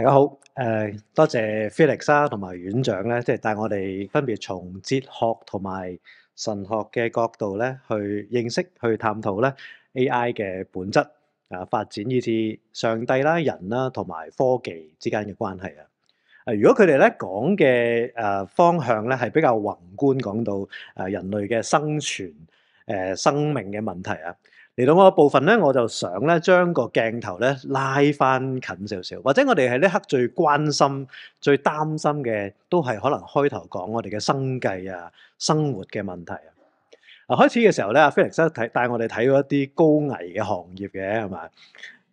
大家好，誒，多謝 Felix 啊，同埋院長咧，即係帶我哋分別從哲學同埋神學嘅角度咧，去認識、去探討咧 AI 嘅本質啊，發展以至上帝啦、人啦同埋科技之間嘅關係啊。啊，如果佢哋咧講嘅誒方向咧係比較宏觀，講到誒人類嘅生存、誒生命嘅問題啊。嚟到我個部分咧，我就想咧將個鏡頭咧拉翻近少少，或者我哋係呢刻最關心、最擔心嘅，都係可能開頭講我哋嘅生計啊、生活嘅問題啊。嗱，開始嘅時候咧，阿菲力斯睇帶我哋睇嗰一啲高危嘅行業嘅，係嘛？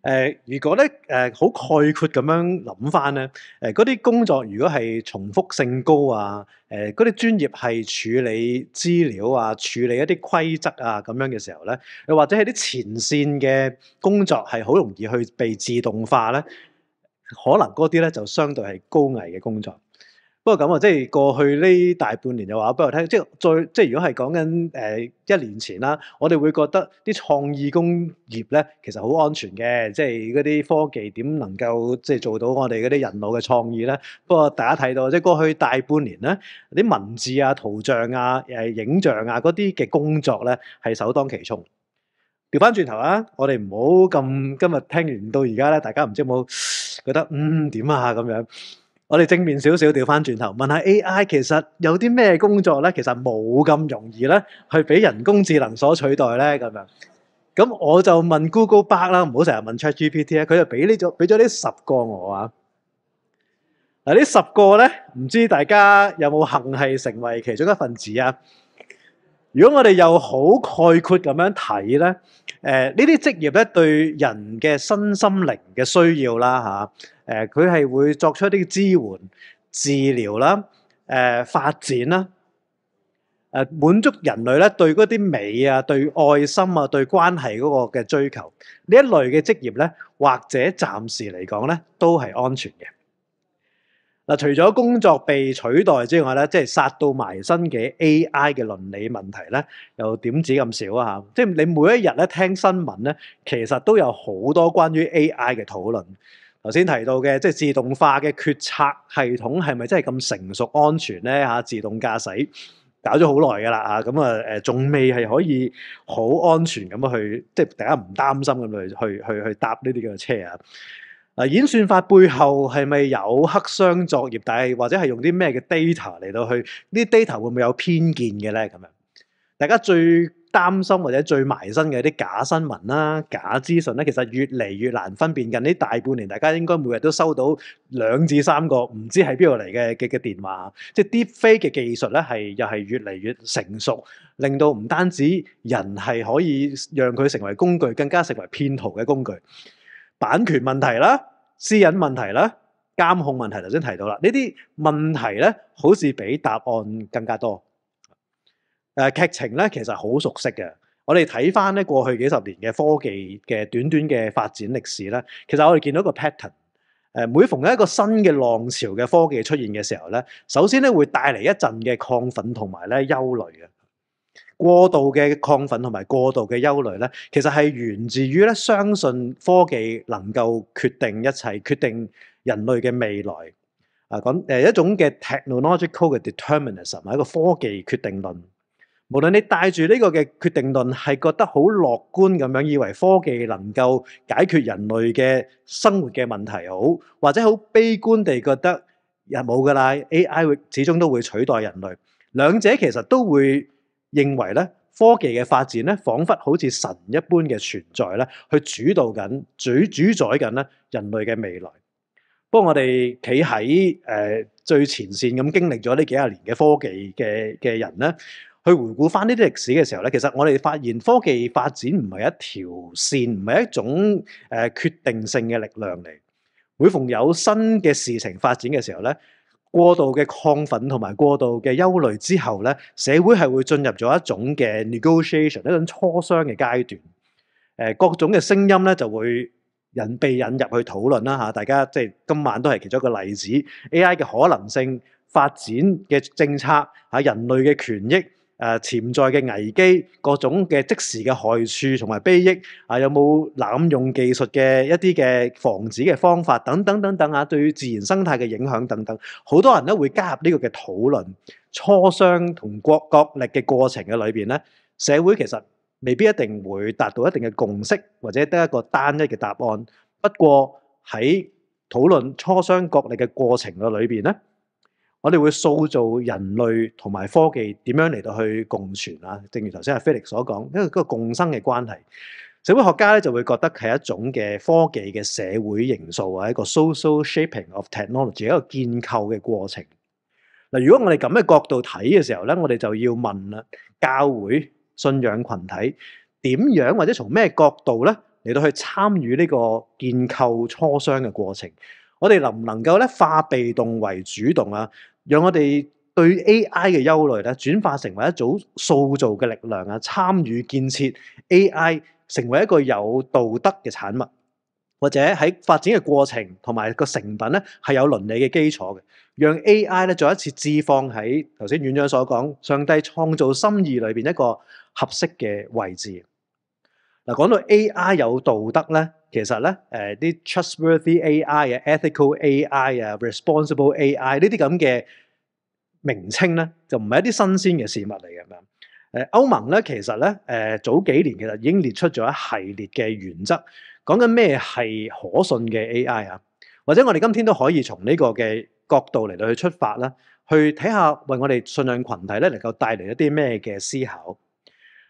誒、呃，如果咧誒好概括咁樣諗翻咧，誒嗰啲工作如果係重複性高啊，誒嗰啲專業係處理資料啊、處理一啲規則啊咁樣嘅時候咧，又或者係啲前線嘅工作係好容易去被自動化咧，可能嗰啲咧就相對係高危嘅工作。不過咁啊，即係過去呢大半年嘅話，不如聽。即係再即係，如果係講緊誒一年前啦，我哋會覺得啲創意工業咧，其實好安全嘅。即係嗰啲科技點能夠即係做到我哋嗰啲人腦嘅創意咧？不過大家睇到即係過去大半年咧，啲文字啊、圖像啊、誒影像啊嗰啲嘅工作咧，係首當其衝。調翻轉頭啊，我哋唔好咁今日聽完到而家咧，大家唔知有冇覺得嗯點啊咁樣？我哋正面少少調翻轉頭，問下 A.I. 其實有啲咩工作咧？其實冇咁容易咧，去俾人工智能所取代咧。咁樣，咁我就問 Google Back 啦，唔好成日問 ChatGPT 啊。佢就俾呢咗俾咗呢十個我啊。嗱，呢十個咧，唔知大家有冇幸係成為其中一份子啊？如果我哋又好概括咁樣睇咧，誒、呃，呢啲職業咧對人嘅身心靈嘅需要啦吓。啊誒佢係會作出一啲支援、治療啦、誒、呃、發展啦、誒、呃、滿足人類咧對嗰啲美啊、對愛心啊、對關係嗰個嘅追求呢一類嘅職業咧，或者暫時嚟講咧都係安全嘅。嗱、呃，除咗工作被取代之外咧，即係殺到埋身嘅 AI 嘅倫理問題咧，又點止咁少啊？嚇！即係你每一日咧聽新聞咧，其實都有好多關於 AI 嘅討論。頭先提到嘅，即係自動化嘅決策系統係咪真係咁成熟安全咧？嚇，自動駕駛搞咗好耐㗎啦，嚇咁啊誒仲未係可以好安全咁樣去，即係大家唔擔心咁去去去去搭呢啲嘅車啊！嗱演算法背後係咪有黑箱作業？但係或者係用啲咩嘅 data 嚟到去呢啲 data 會唔會有偏見嘅咧？咁樣大家最擔心或者最埋身嘅啲假新聞啦、假資訊啦，其實越嚟越難分辨。近呢大半年，大家應該每日都收到兩至三個唔知喺邊度嚟嘅嘅嘅電話。即係 deepfake 嘅技術咧，係又係越嚟越成熟，令到唔單止人係可以讓佢成為工具，更加成為騙徒嘅工具。版權問題啦、私隱問題啦、監控問題，頭先提到啦，呢啲問題咧，好似比答案更加多。誒劇情咧其實好熟悉嘅，我哋睇翻咧過去幾十年嘅科技嘅短短嘅發展歷史咧，其實我哋見到個 pattern。誒每逢一個新嘅浪潮嘅科技出現嘅時候咧，首先咧會帶嚟一陣嘅亢奮同埋咧憂慮啊。過度嘅亢奮同埋過度嘅憂慮咧，其實係源自於咧相信科技能夠決定一切，決定人類嘅未來啊。咁誒一種嘅 technological 嘅 determinism，係一個科技決定論。無論你帶住呢個嘅決定論，係覺得好樂觀咁樣，以為科技能夠解決人類嘅生活嘅問題好，或者好悲觀地覺得又冇噶啦，A. I. 始終都會取代人類。兩者其實都會認為咧，科技嘅發展咧，仿佛好似神一般嘅存在咧，去主導緊、主主宰緊咧人類嘅未來。不過我哋企喺誒最前線咁，經歷咗呢幾廿年嘅科技嘅嘅人咧。去回顧翻呢啲歷史嘅時候咧，其實我哋發現科技發展唔係一條線，唔係一種誒決定性嘅力量嚟。每逢有新嘅事情發展嘅時候咧，過度嘅亢奮同埋過度嘅憂慮之後咧，社會係會進入咗一種嘅 negotiation，一種磋商嘅階段。誒，各種嘅聲音咧就會引被引入去討論啦嚇。大家即係今晚都係其中一個例子，A.I. 嘅可能性、發展嘅政策嚇、人類嘅權益。誒潛在嘅危機，各種嘅即時嘅害處同埋裨益，啊有冇有濫用技術嘅一啲嘅防止嘅方法等等等等啊？對於自然生態嘅影響等等，好多人都會加入呢個嘅討論、磋商同國國力嘅過程嘅裏邊咧，社會其實未必一定會達到一定嘅共識，或者得一個單一嘅答案。不過喺討論、磋商、國力嘅過程嘅裏邊咧。我哋會塑造人類同埋科技點樣嚟到去共存啊？正如頭先阿菲力所講，因為嗰個共生嘅關係，社會學家咧就會覺得係一種嘅科技嘅社會形塑啊，一個 social shaping of technology 一個建構嘅過程。嗱，如果我哋咁嘅角度睇嘅時候咧，我哋就要問啦：教會、信仰群體點樣或者從咩角度咧嚟到去參與呢個建構磋商嘅過程？我哋能唔能夠咧化被動為主動啊？讓我哋對 AI 嘅憂慮咧轉化成為一種塑造嘅力量啊！參與建設 AI 成為一個有道德嘅產物，或者喺發展嘅過程同埋個成品咧係有倫理嘅基礎嘅，讓 AI 咧再一次置放喺頭先院長所講上帝創造心意裏面一個合適嘅位置。嗱，講到 AI 有道德咧。其實咧，誒啲 trustworthy AI 啊、ethical AI 啊、responsible AI 這些這呢啲咁嘅名稱咧，就唔係一啲新鮮嘅事物嚟嘅。誒歐盟咧，其實咧，誒早幾年其實已經列出咗一系列嘅原則，講緊咩係可信嘅 AI 啊，或者我哋今天都可以從呢個嘅角度嚟到去出發啦，去睇下為我哋信任群體咧，能夠帶嚟一啲咩嘅思考。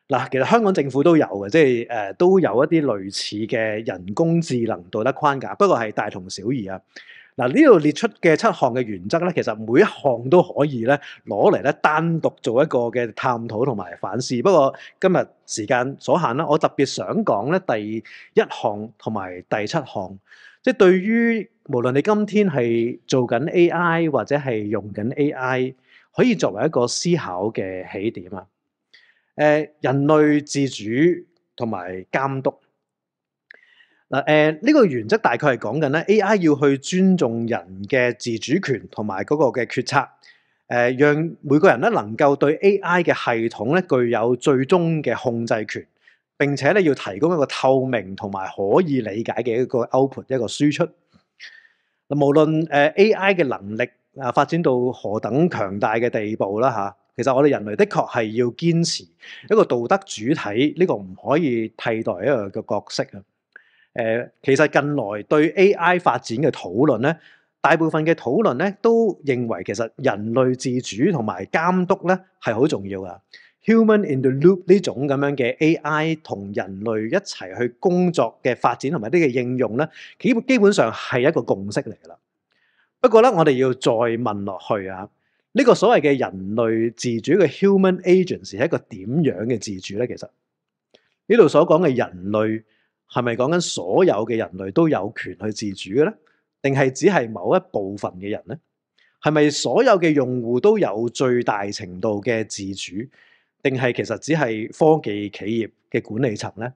嗱，其實香港政府都有嘅，即係誒都有一啲類似嘅人工智能道德框架，不過係大同小異啊。嗱，呢度列出嘅七項嘅原則咧，其實每一項都可以咧攞嚟咧單獨做一個嘅探討同埋反思。不過今日時間所限啦，我特別想講咧第一項同埋第七項，即係對於無論你今天係做緊 AI 或者係用緊 AI，可以作為一個思考嘅起點啊。誒，人類自主同埋監督。嗱，誒呢個原則大概係講緊咧 AI 要去尊重人嘅自主權同埋嗰個嘅決策，誒讓每個人咧能夠對 AI 嘅系統咧具有最終嘅控制權，並且咧要提供一個透明同埋可以理解嘅一個 output 一個輸出。嗱，無論誒 AI 嘅能力啊發展到何等強大嘅地步啦嚇。其實我哋人類的確係要堅持一個道德主體呢個唔可以替代一個嘅角色啊。誒，其實近來對 A.I. 發展嘅討論咧，大部分嘅討論咧都認為，其實人類自主同埋監督咧係好重要㗎。Human in the loop 呢種咁樣嘅 A.I. 同人類一齊去工作嘅發展同埋呢個應用咧，基本基本上係一個共識嚟㗎啦。不過咧，我哋要再問落去啊。呢個所謂嘅人類自主嘅 human agents 係一個點樣嘅自主咧？其實呢度所講嘅人類係咪講緊所有嘅人類都有權去自主嘅咧？定係只係某一部分嘅人咧？係咪所有嘅用戶都有最大程度嘅自主？定係其實只係科技企業嘅管理層咧？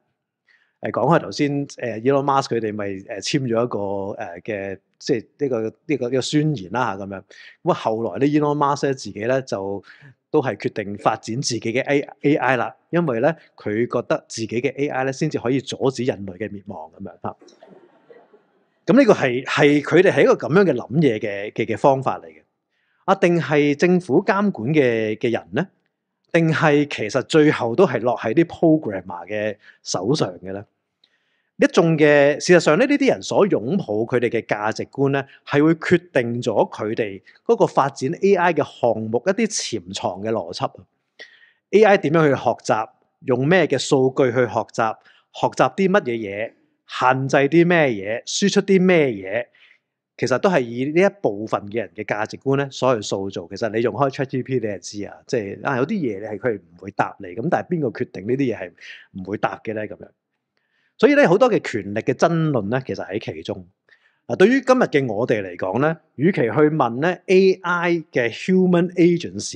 誒講開頭先，誒 Elon Musk 佢哋咪誒簽咗一個誒嘅，即係呢個呢個呢個宣言啦嚇，咁樣。咁啊，後來咧 Elon Musk 自己咧就都係決定發展自己嘅 A A I 啦，因為咧佢覺得自己嘅 A I 咧先至可以阻止人類嘅滅亡咁樣嚇。咁呢個係係佢哋係一個咁樣嘅諗嘢嘅嘅嘅方法嚟嘅。啊，定係政府監管嘅嘅人咧？定係其實最後都係落喺啲 programmer 嘅手上嘅咧？一眾嘅事實上咧，呢啲人所擁抱佢哋嘅價值觀咧，係會決定咗佢哋嗰個發展 AI 嘅項目一啲潛藏嘅邏輯。AI 點樣去學習？用咩嘅數據去學習？學習啲乜嘢嘢？限制啲咩嘢？輸出啲咩嘢？其實都係以呢一部分嘅人嘅價值觀咧所去塑造。其實你用開 ChatGPT，你就知啊，即係啊有啲嘢你係佢唔會答你咁，但係邊個決定呢啲嘢係唔會答嘅咧？咁樣。所以咧，好多嘅權力嘅爭論咧，其實喺其中。啊，對於今日嘅我哋嚟講咧，與其去問咧 AI 嘅 human agents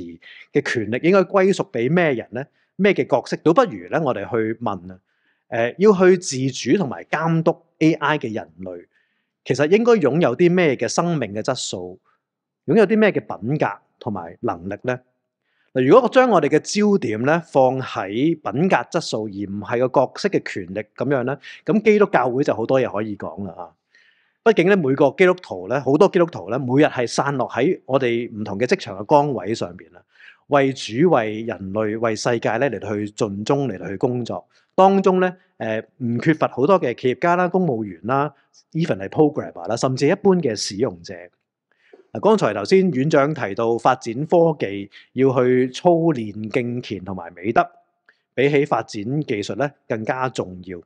嘅權力應該歸屬俾咩人咧，咩嘅角色，倒不如咧我哋去問啊，誒、呃，要去自主同埋監督 AI 嘅人類，其實應該擁有啲咩嘅生命嘅質素，擁有啲咩嘅品格同埋能力咧？如果我將我哋嘅焦點咧放喺品格質素，而唔係個角色嘅權力咁樣咧，咁基督教會就好多嘢可以講啦嚇。畢竟咧，每個基督徒咧，好多基督徒咧，每日係散落喺我哋唔同嘅職場嘅崗位上邊啦，為主、為人類、為世界咧嚟到去盡忠嚟到去工作，當中咧誒唔缺乏好多嘅企業家啦、公務員啦、even 係 programmer 啦，甚至一般嘅使用者。剛才頭先院長提到發展科技要去操練敬虔同埋美德，比起發展技術咧更加重要。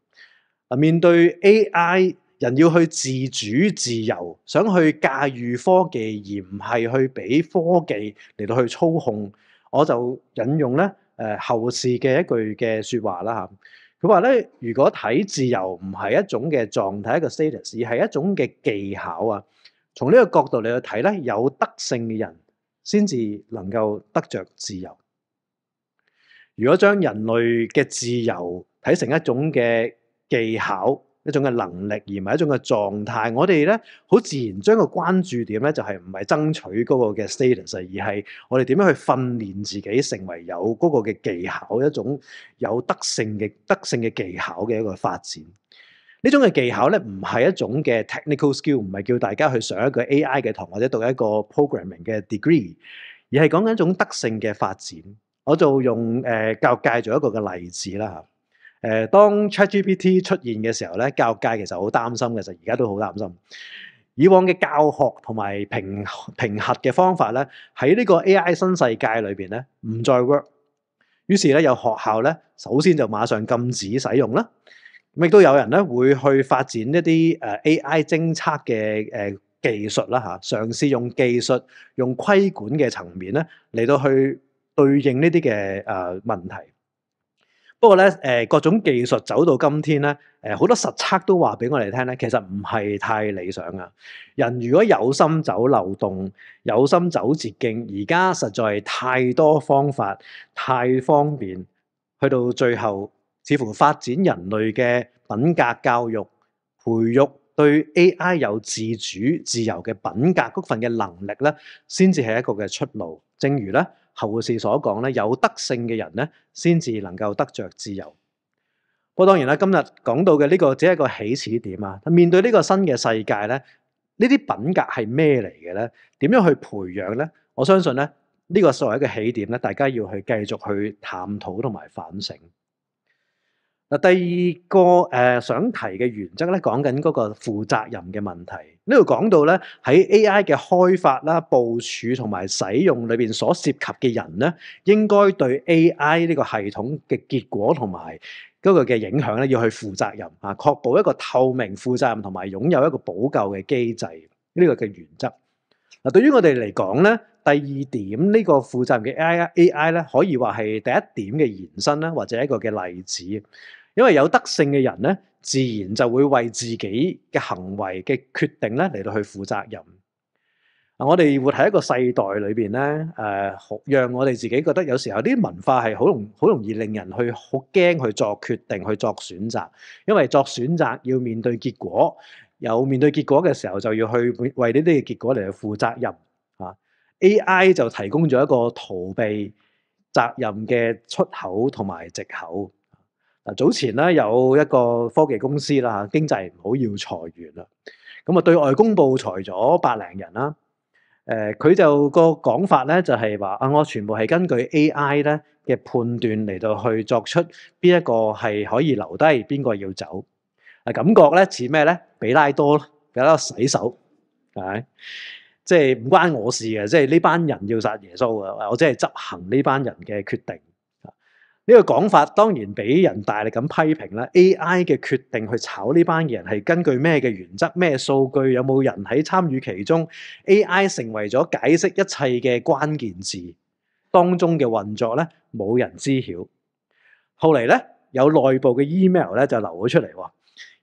啊，面對 AI，人要去自主自由，想去駕馭科技而唔係去俾科技嚟到去操控。我就引用咧誒、呃、後世嘅一句嘅說話啦吓，佢話咧，如果睇自由唔係一種嘅狀態一個 status，而係一種嘅技巧啊。從呢個角度嚟，去睇，有德性嘅人先至能夠得着自由。如果將人類嘅自由睇成一種嘅技巧，一種嘅能力，而唔係一種嘅狀態，我哋咧好自然將關注點咧就係唔係爭取嗰個嘅 status，而係我哋點樣去訓練自己成為有嗰個嘅技巧，一種有德性嘅德性的技巧嘅一個發展。呢種嘅技巧咧，唔係一種嘅 technical skill，唔係叫大家去上一個 AI 嘅堂或者讀一個 programming 嘅 degree，而係講緊一種德性嘅發展。我就用、呃、教育界做一個嘅例子啦嚇、呃、當 ChatGPT 出現嘅時候咧，教育界其實好擔心嘅，其實而家都好擔心。以往嘅教學同埋評評核嘅方法咧，喺呢個 AI 新世界裏面咧，唔再 work。於是咧，有學校咧，首先就馬上禁止使用啦。亦都有人咧會去發展一啲誒 AI 偵測嘅誒技術啦吓，嘗試用技術、用規管嘅層面咧嚟到去對應呢啲嘅誒問題。不過咧，誒各種技術走到今天咧，誒好多實測都話俾我哋聽咧，其實唔係太理想啊。人如果有心走漏洞、有心走捷徑，而家實在是太多方法、太方便，去到最後。似乎發展人類嘅品格教育、培育對 A.I. 有自主自由嘅品格嗰份嘅能力咧，先至係一個嘅出路。正如咧後世所講咧，有德性嘅人咧，先至能夠得着自由。不過當然啦，今日講到嘅呢個只係一個起始點啊。面對呢個新嘅世界咧，呢啲品格係咩嚟嘅咧？點樣去培養咧？我相信咧呢、這個所謂一個起點咧，大家要去繼續去探討同埋反省。嗱，第二個誒想提嘅原則咧，講緊嗰個負責任嘅問題。呢度講到咧喺 AI 嘅開發啦、部署同埋使用裏邊所涉及嘅人咧，應該對 AI 呢個系統嘅結果同埋嗰個嘅影響咧，要去負責任啊，確保一個透明、負責任同埋擁有一個補救嘅機制。呢個嘅原則。嗱，對於我哋嚟講咧，第二點呢個負責任嘅 AI，AI 咧可以話係第一點嘅延伸啦，或者一個嘅例子。因為有德性嘅人咧，自然就會為自己嘅行為嘅決定咧嚟到去負責任。啊，我哋活喺一個世代裏邊咧，誒，讓我哋自己覺得有時候啲文化係好容好容易令人去好驚去作決定去作選擇，因為作選擇要面對結果，有面對結果嘅時候就要去為呢啲嘅結果嚟去負責任。吓，AI 就提供咗一個逃避責任嘅出口同埋藉口。早前咧有一個科技公司啦，經濟唔好要裁員啦，咁啊對外公布裁咗百零人啦。誒、呃，佢就個講法咧就係話：啊，我全部係根據 AI 咧嘅判斷嚟到去作出邊一個係可以留低，邊個要走。啊，感覺咧似咩咧？比拉多咯，比拉多洗手，係咪？即係唔關我事嘅，即係呢班人要殺耶穌嘅，我即係執行呢班人嘅決定。呢、這個講法當然俾人大力咁批評啦。AI 嘅決定去炒呢班人係根據咩嘅原則？咩數據？有冇人喺參與其中？AI 成為咗解釋一切嘅關鍵字當中嘅運作咧，冇人知曉。後嚟咧有內部嘅 email 咧就流咗出嚟，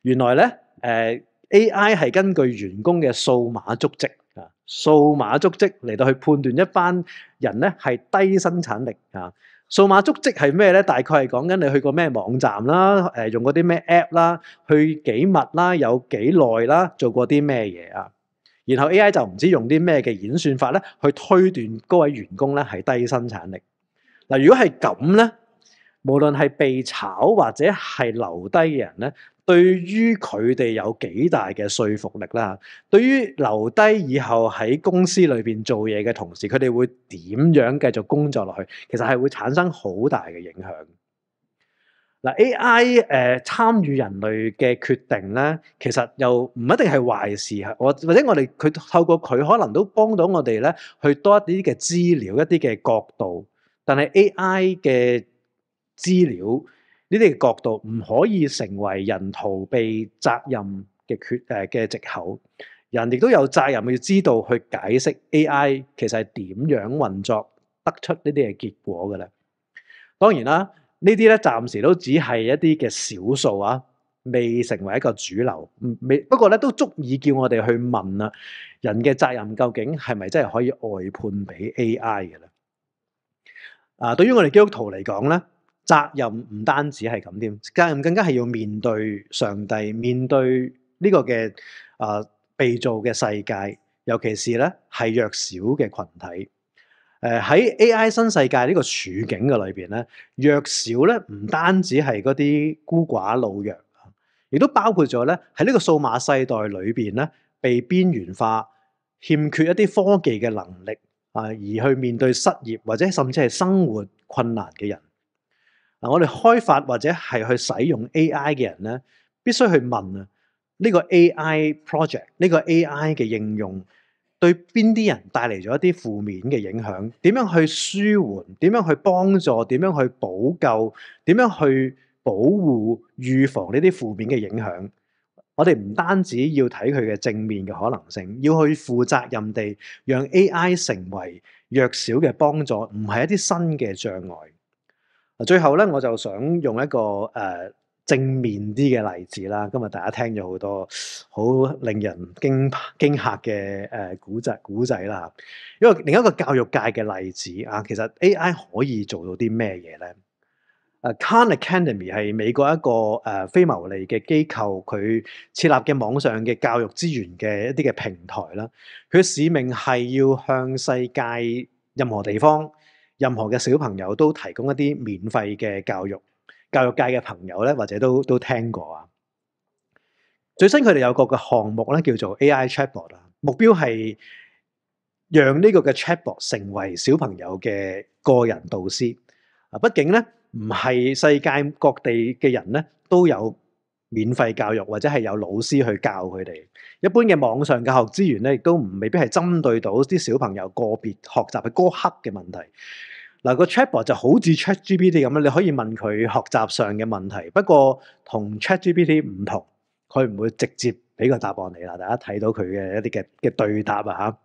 原來咧誒 AI 係根據員工嘅數碼足跡啊，數碼足跡嚟到去判斷一班人咧係低生產力啊。數碼足迹係咩咧？大概係講緊你去過咩網站啦，誒，用嗰啲咩 app 啦，去幾密啦，有幾耐啦，做過啲咩嘢啊？然後 AI 就唔知用啲咩嘅演算法，咧，去推斷嗰位員工咧係低生產力。嗱，如果係咁咧，無論係被炒或者係留低嘅人咧，對於佢哋有幾大嘅說服力啦，對於留低以後喺公司裏邊做嘢嘅同事，佢哋會點樣繼續工作落去？其實係會產生好大嘅影響。嗱，AI 誒、呃、參與人類嘅決定咧，其實又唔一定係壞事。我或者我哋佢透過佢可能都幫到我哋咧，去多一啲嘅資料、一啲嘅角度。但係 AI 嘅資料。呢啲角度唔可以成為人逃避責任嘅缺誒嘅藉口，人哋都有責任要知道去解釋 AI 其實係點樣運作，得出呢啲嘅結果㗎啦。當然啦，呢啲咧暫時都只係一啲嘅少數啊，未成為一個主流。未不,不過咧都足以叫我哋去問啦，啊，人嘅責任究竟係咪真係可以外判俾 AI 嘅咧？啊，對於我哋基督徒嚟講咧。責任唔單止係咁添，責任更加係要面對上帝，面對呢個嘅啊、呃、被造嘅世界，尤其是咧係弱小嘅群體。誒、呃、喺 AI 新世界呢個處境嘅裏邊咧，弱小咧唔單止係嗰啲孤寡老弱，亦都包括咗咧喺呢個數碼世代裏邊咧被邊緣化、欠缺一啲科技嘅能力啊、呃，而去面對失業或者甚至係生活困難嘅人。嗱，我哋開發或者係去使用 AI 嘅人咧，必須去問啊，呢個 AI project，呢個 AI 嘅應用對邊啲人帶嚟咗一啲負面嘅影響？點樣去舒緩？點樣去幫助？點樣去補救？點樣去保護、預防呢啲負面嘅影響？我哋唔單止要睇佢嘅正面嘅可能性，要去負責任地讓 AI 成為弱小嘅幫助，唔係一啲新嘅障礙。最後咧，我就想用一個、呃、正面啲嘅例子啦。今日大家聽咗好多好令人驚驚嚇嘅誒古仔古仔啦。因為另一個教育界嘅例子啊，其實 AI 可以做到啲咩嘢咧？Khan Academy 係美國一個、呃、非牟利嘅機構，佢設立嘅網上嘅教育資源嘅一啲嘅平台啦。佢使命係要向世界任何地方。任何嘅小朋友都提供一啲免費嘅教育，教育界嘅朋友咧，或者都都聽過啊。最新佢哋有個嘅項目咧，叫做 AI Chatbot 啊，目標係讓呢個嘅 Chatbot 成為小朋友嘅個人導師。啊，畢竟咧，唔係世界各地嘅人咧都有。免費教育或者係有老師去教佢哋，一般嘅網上教學資源咧，亦都唔未必係針對到啲小朋友個別學習嘅嗰刻嘅問題。嗱、嗯，個 Chatbot 就好似 ChatGPT 咁樣，你可以問佢學習上嘅問題，不過同 ChatGPT 唔同，佢唔會直接俾個答案你啦。大家睇到佢嘅一啲嘅嘅對答啊吓，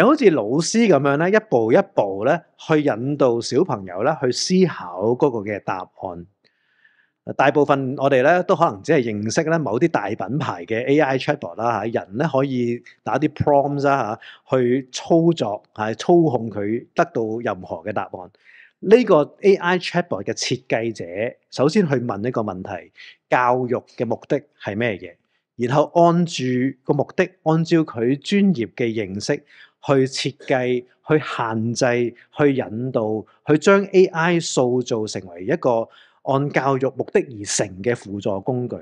而好似老師咁樣咧，一步一步咧去引導小朋友咧去思考嗰個嘅答案。大部分我哋咧都可能只係認識咧某啲大品牌嘅 AI chatbot 啦吓，人咧可以打啲 prompts 啦吓，去操作吓、操控佢得到任何嘅答案。呢、這個 AI chatbot 嘅設計者首先去問呢個問題：教育嘅目的係咩嘢？然後按住個目的，按照佢專業嘅認識去設計、去限制、去引導、去將 AI 塑造成為一個。按教育目的而成嘅輔助工具，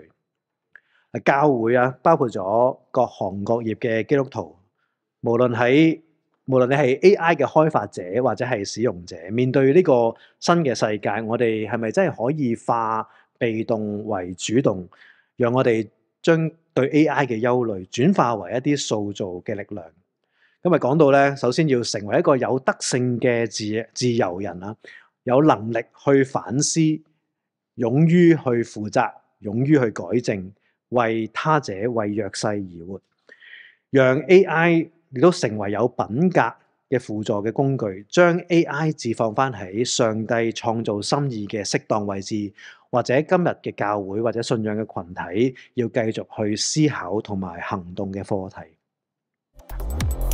教會啊，包括咗各行各業嘅基督徒，無論喺無論你係 A.I. 嘅開發者或者係使用者，面對呢個新嘅世界，我哋係咪真係可以化被動為主動，讓我哋將對 A.I. 嘅憂慮轉化為一啲塑造嘅力量？今日講到咧，首先要成為一個有德性嘅自自由人啊，有能力去反思。勇於去負責，勇於去改正，為他者、為弱勢而活，讓 A.I. 亦都成為有品格嘅輔助嘅工具，將 A.I. 置放翻喺上帝創造心意嘅適當位置，或者今日嘅教會或者信仰嘅群體，要繼續去思考同埋行動嘅課題。